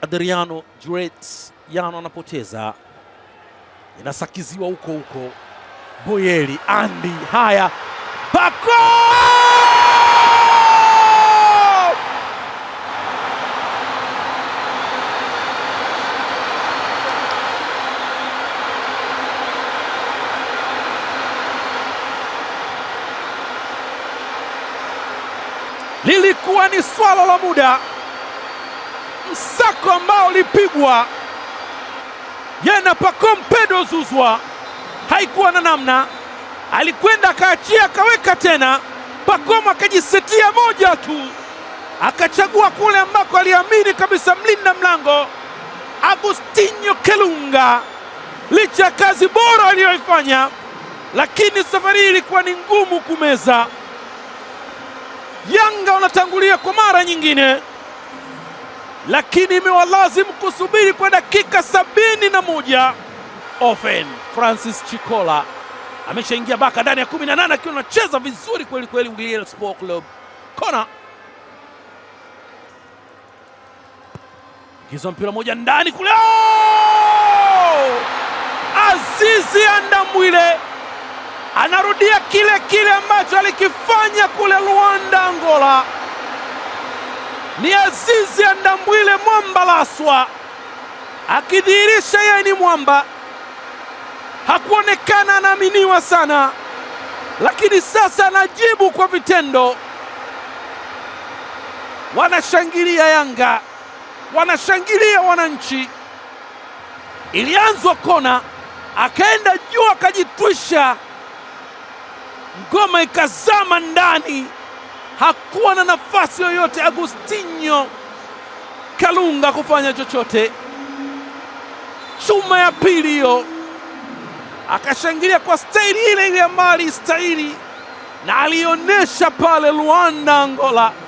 Adriano Juret Yano anapoteza, inasakiziwa huko huko. Boyeli Andi, haya Pako lilikuwa ni swala la muda msako ambao ulipigwa Yena Pacome Pedro Zuzwa, haikuwa na namna, alikwenda akaachia, akaweka tena. Pacome akajisetia moja tu, akachagua kule ambako aliamini kabisa mlinda mlango Agustinho Kelunga, licha ya kazi bora aliyoifanya, lakini safari hii ilikuwa ni ngumu kumeza. Yanga wanatangulia kwa mara nyingine lakini imewalazimu kusubiri kwa dakika sabini na moja. Ofen Francis Chikola ameshaingia baka ndani ya 18 akiwa anacheza vizuri kweli kweli. Ugliel Sport Club kona kiza mpira moja ndani kule, oh! Azizi Andamwile anarudia kile kile ambacho alikifanya kule Luanda, Angola ni Azizi ya Ndambwile mwamba laswa, akidhihirisha yeye ni mwamba. Hakuonekana anaaminiwa sana, lakini sasa anajibu kwa vitendo. Wanashangilia Yanga, wanashangilia wananchi. Ilianzwa kona, akaenda juu akajitwisha, ngoma ikazama ndani hakuwa na nafasi yoyote Agustinho Kalunga kufanya chochote. Chuma ya pili hiyo akashangilia kwa staili ile ile ambayo alistahili na alionyesha pale Luanda, Angola.